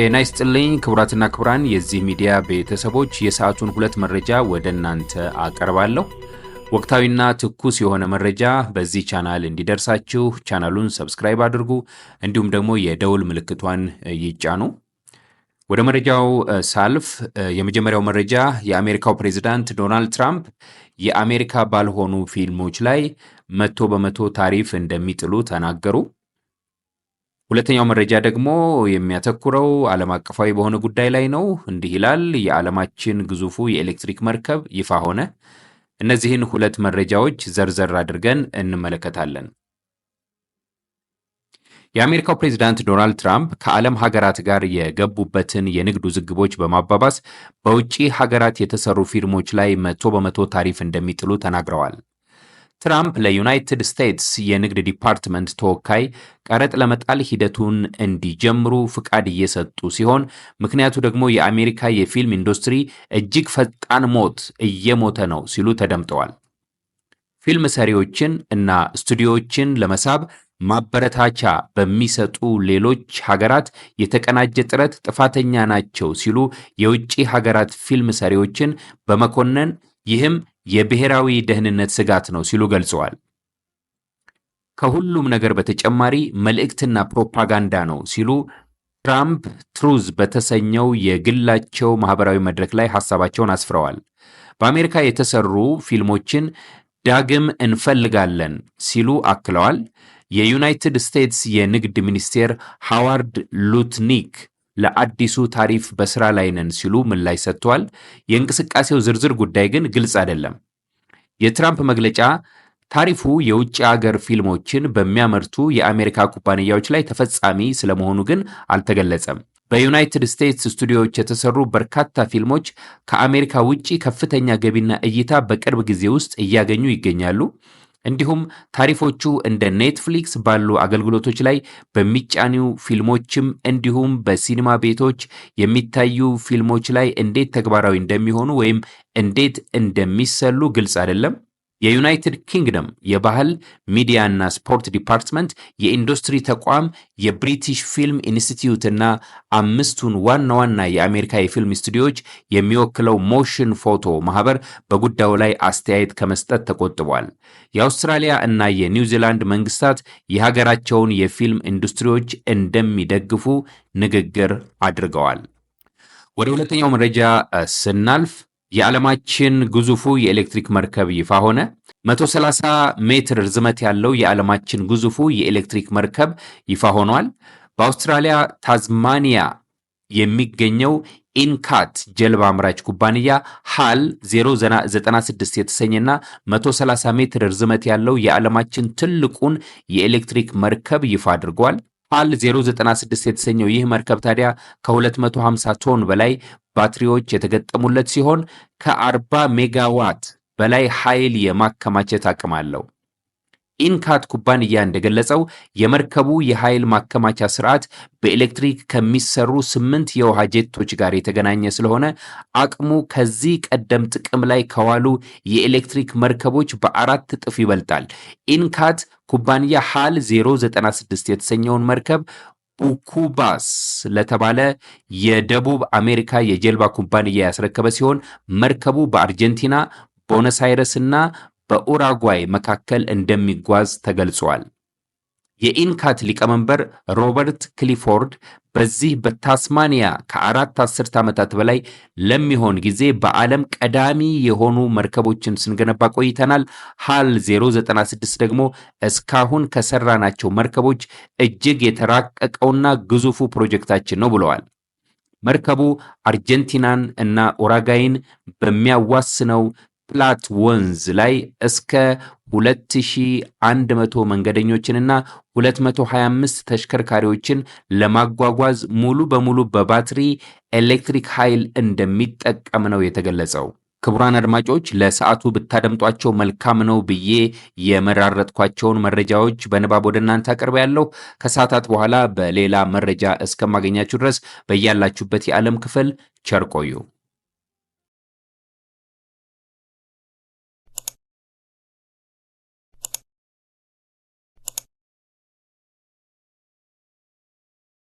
ጤና ይስጥልኝ ክቡራትና ክቡራን የዚህ ሚዲያ ቤተሰቦች የሰዓቱን ሁለት መረጃ ወደ እናንተ አቀርባለሁ። ወቅታዊና ትኩስ የሆነ መረጃ በዚህ ቻናል እንዲደርሳችሁ ቻናሉን ሰብስክራይብ አድርጉ፣ እንዲሁም ደግሞ የደውል ምልክቷን ይጫኑ። ወደ መረጃው ሳልፍ የመጀመሪያው መረጃ የአሜሪካው ፕሬዚዳንት ዶናልድ ትራምፕ የአሜሪካ ባልሆኑ ፊልሞች ላይ መቶ በመቶ ታሪፍ እንደሚጥሉ ተናገሩ። ሁለተኛው መረጃ ደግሞ የሚያተኩረው ዓለም አቀፋዊ በሆነ ጉዳይ ላይ ነው። እንዲህ ይላል፣ የዓለማችን ግዙፉ የኤሌክትሪክ መርከብ ይፋ ሆነ። እነዚህን ሁለት መረጃዎች ዘርዘር አድርገን እንመለከታለን። የአሜሪካው ፕሬዚዳንት ዶናልድ ትራምፕ ከዓለም ሀገራት ጋር የገቡበትን የንግድ ውዝግቦች በማባባስ በውጭ ሀገራት የተሰሩ ፊርሞች ላይ መቶ በመቶ ታሪፍ እንደሚጥሉ ተናግረዋል። ትራምፕ ለዩናይትድ ስቴትስ የንግድ ዲፓርትመንት ተወካይ ቀረጥ ለመጣል ሂደቱን እንዲጀምሩ ፍቃድ እየሰጡ ሲሆን ምክንያቱ ደግሞ የአሜሪካ የፊልም ኢንዱስትሪ እጅግ ፈጣን ሞት እየሞተ ነው ሲሉ ተደምጠዋል። ፊልም ሰሪዎችን እና ስቱዲዮዎችን ለመሳብ ማበረታቻ በሚሰጡ ሌሎች ሀገራት የተቀናጀ ጥረት ጥፋተኛ ናቸው ሲሉ የውጭ ሀገራት ፊልም ሰሪዎችን በመኮነን ይህም የብሔራዊ ደህንነት ስጋት ነው ሲሉ ገልጸዋል። ከሁሉም ነገር በተጨማሪ መልእክትና ፕሮፓጋንዳ ነው ሲሉ ትራምፕ ትሩዝ በተሰኘው የግላቸው ማህበራዊ መድረክ ላይ ሀሳባቸውን አስፍረዋል። በአሜሪካ የተሰሩ ፊልሞችን ዳግም እንፈልጋለን ሲሉ አክለዋል። የዩናይትድ ስቴትስ የንግድ ሚኒስቴር ሃዋርድ ሉትኒክ ለአዲሱ ታሪፍ በስራ ላይ ነን ሲሉ ምላሽ ሰጥተዋል። የእንቅስቃሴው ዝርዝር ጉዳይ ግን ግልጽ አይደለም። የትራምፕ መግለጫ ታሪፉ የውጭ አገር ፊልሞችን በሚያመርቱ የአሜሪካ ኩባንያዎች ላይ ተፈጻሚ ስለመሆኑ ግን አልተገለጸም። በዩናይትድ ስቴትስ ስቱዲዮዎች የተሰሩ በርካታ ፊልሞች ከአሜሪካ ውጭ ከፍተኛ ገቢና እይታ በቅርብ ጊዜ ውስጥ እያገኙ ይገኛሉ። እንዲሁም ታሪፎቹ እንደ ኔትፍሊክስ ባሉ አገልግሎቶች ላይ በሚጫኑ ፊልሞችም እንዲሁም በሲኒማ ቤቶች የሚታዩ ፊልሞች ላይ እንዴት ተግባራዊ እንደሚሆኑ ወይም እንዴት እንደሚሰሉ ግልጽ አይደለም። የዩናይትድ ኪንግደም የባህል ሚዲያና ስፖርት ዲፓርትመንት፣ የኢንዱስትሪ ተቋም፣ የብሪቲሽ ፊልም ኢንስቲትዩት እና አምስቱን ዋና ዋና የአሜሪካ የፊልም ስቱዲዮዎች የሚወክለው ሞሽን ፎቶ ማህበር በጉዳዩ ላይ አስተያየት ከመስጠት ተቆጥቧል። የአውስትራሊያ እና የኒውዚላንድ መንግስታት የሀገራቸውን የፊልም ኢንዱስትሪዎች እንደሚደግፉ ንግግር አድርገዋል። ወደ ሁለተኛው መረጃ ስናልፍ የዓለማችን ግዙፉ የኤሌክትሪክ መርከብ ይፋ ሆነ። 130 ሜትር ርዝመት ያለው የዓለማችን ግዙፉ የኤሌክትሪክ መርከብ ይፋ ሆኗል። በአውስትራሊያ ታዝማኒያ የሚገኘው ኢንካት ጀልባ አምራች ኩባንያ ሃል 096 የተሰኘና 130 ሜትር ርዝመት ያለው የዓለማችን ትልቁን የኤሌክትሪክ መርከብ ይፋ አድርጓል። ፓል 096 የተሰኘው ይህ መርከብ ታዲያ ከ250 ቶን በላይ ባትሪዎች የተገጠሙለት ሲሆን ከ40 ሜጋዋት በላይ ኃይል የማከማቸት አቅም አለው። ኢንካት ኩባንያ እንደገለጸው የመርከቡ የኃይል ማከማቻ ስርዓት በኤሌክትሪክ ከሚሰሩ ስምንት የውሃ ጄቶች ጋር የተገናኘ ስለሆነ አቅሙ ከዚህ ቀደም ጥቅም ላይ ከዋሉ የኤሌክትሪክ መርከቦች በአራት እጥፍ ይበልጣል። ኢንካት ኩባንያ ሃል 096 የተሰኘውን መርከብ ቡኩባስ ለተባለ የደቡብ አሜሪካ የጀልባ ኩባንያ ያስረከበ ሲሆን መርከቡ በአርጀንቲና ቦነስ አይረስ እና በኡራጓይ መካከል እንደሚጓዝ ተገልጿል። የኢንካት ሊቀመንበር ሮበርት ክሊፎርድ በዚህ በታስማኒያ ከአራት አስርት ዓመታት በላይ ለሚሆን ጊዜ በዓለም ቀዳሚ የሆኑ መርከቦችን ስንገነባ ቆይተናል። ሃል 096 ደግሞ እስካሁን ከሰራናቸው መርከቦች እጅግ የተራቀቀውና ግዙፉ ፕሮጀክታችን ነው ብለዋል። መርከቡ አርጀንቲናን እና ኡራጋይን በሚያዋስነው ፕላት ወንዝ ላይ እስከ 2100 መንገደኞችንና 225 ተሽከርካሪዎችን ለማጓጓዝ ሙሉ በሙሉ በባትሪ ኤሌክትሪክ ኃይል እንደሚጠቀም ነው የተገለጸው። ክቡራን አድማጮች ለሰዓቱ ብታደምጧቸው መልካም ነው ብዬ የመራረጥኳቸውን መረጃዎች በንባብ ወደ እናንተ አቅርቤ ያለሁ። ከሰዓታት በኋላ በሌላ መረጃ እስከማገኛችሁ ድረስ በያላችሁበት የዓለም ክፍል ቸር ቆዩ።